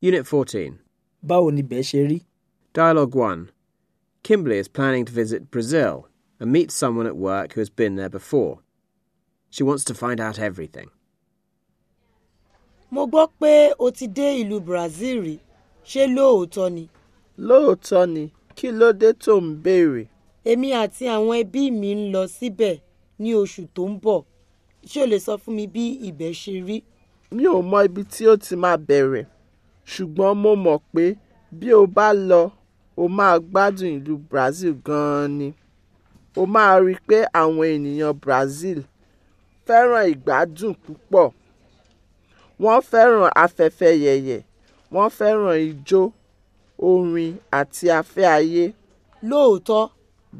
Unit 14. Báwo ni bẹ́ẹ̀ Dialogue 1. Kimberly is planning to visit Brazil and meet someone at work who has been there before. She wants to find out everything. Mo gbọ́ pé o ti dé ìlú Brazil rí. Ṣé lóòótọ́ ni? Lóòótọ́ ni. Kí ló dé tó ń béèrè? Èmi àti àwọn ẹbí mi ń lọ síbẹ̀ ní oṣù tó ń bọ̀. Ṣé o lè sọ fún mi bí ibẹ̀ ṣe rí? Mi ò mọ ibi tí ó ti máa bẹ̀rẹ̀. ṣùgbọ́n mo mọ̀ pé bí o bá lọ o máa gbádùn ìlú Brazil gan-an ni o máa rí i pé àwọn ènìyàn Brazil fẹ́ràn ìgbádùn púpọ̀ wọ́n fẹ́ràn afẹ́fẹ́ yẹ̀yẹ̀ wọ́n fẹ́ràn ijó orin àti afẹ́ ayé. lóòótọ́.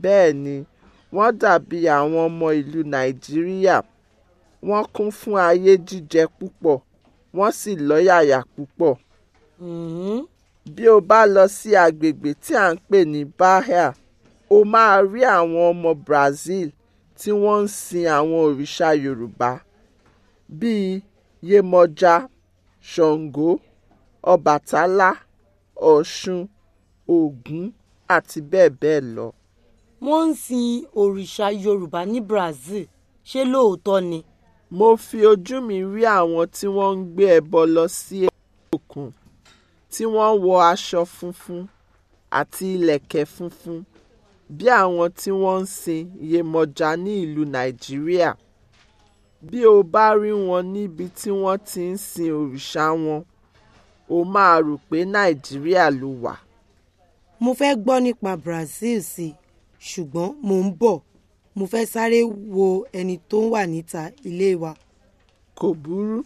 bẹ́ẹ̀ ni wọ́n dàbí àwọn ọmọ ìlú nàìjíríà wọ́n kún fún ayé jíjẹ púpọ̀ wọ́n sì lọ́yàyà púpọ̀. Mm-hmm. bí o bá lọ sí àgbègbè tí à ń pè ní bahia o máa rí àwọn ọmọ brazil tí wọ́n ń sin àwọn òrìṣà yorùbá bíi yemọja ṣàngó ọbàtálá ọ̀ṣun ògún àti bẹ́ẹ̀ bẹ́ẹ̀ lọ. wọ́n ń sin òrìṣà yorùbá ní brazil ṣé lóòótọ́ ni. mo fi ojú mi rí àwọn tí wọ́n ń gbé ẹbọ lọ sí tí wọ́n wọ aṣọ funfun àti ìlẹ̀kẹ̀ funfun bí àwọn tí wọ́n ń sin Yemọja ní ìlú Nàìjíríà bí o bá rí wọn níbi tí wọ́n ti ń sin òrìṣà wọn o máa rò pé Nàìjíríà ló wà. mo fẹ́ gbọ́ nípa Brazil sí i ṣùgbọ́n mò ń bọ̀ mo fẹ́ sáré wo ẹni tó wà níta ilé wa. kò burú.